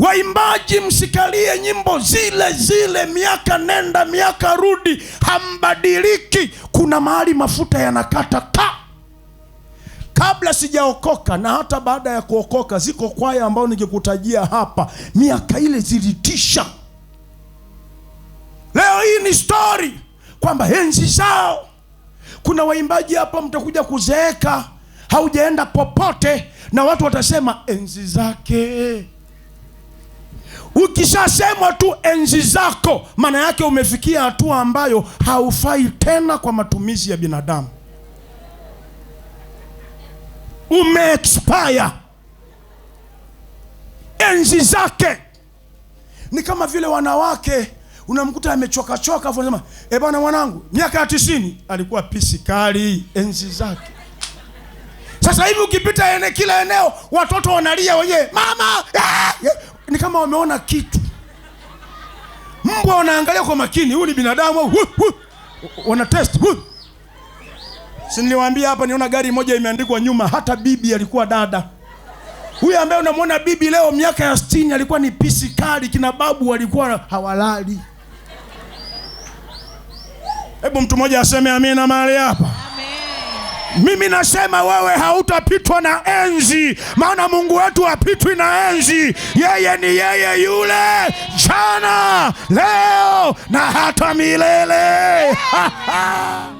Waimbaji msikalie nyimbo zile zile, miaka nenda miaka rudi, hambadiliki. Kuna mahali mafuta yanakata ka kabla sijaokoka na hata baada ya kuokoka, ziko kwaya ambayo nikikutajia hapa, miaka ile zilitisha. Leo hii ni stori kwamba enzi zao. Kuna waimbaji hapa mtakuja kuzeeka, haujaenda popote, na watu watasema enzi zake Ukishasemwa tu enzi zako, maana yake umefikia hatua ambayo haufai tena kwa matumizi ya binadamu, umeexpire enzi zake. Ni kama vile wanawake unamkuta amechokachoka, afu anasema e, bwana mwanangu miaka ya tisini alikuwa kali enzi zake. Sasa hivi ukipita ene kila eneo watoto wanalia wenyewe mama, eh, eh, ni kama wameona kitu. Mbwa wanaangalia kwa makini, huyu ni binadamu. Wana test. Si niliwaambia hapa, niona gari moja imeandikwa nyuma, hata bibi alikuwa dada. Huyu ambaye unamwona bibi leo miaka ya 60 alikuwa ni pisi kali, kina babu walikuwa hawalali. Hebu mtu mmoja aseme amina mahali hapa. Mimi nasema wewe hautapitwa na enzi, maana Mungu wetu hapitwi na enzi. Yeye ni yeye yule jana, leo na hata milele.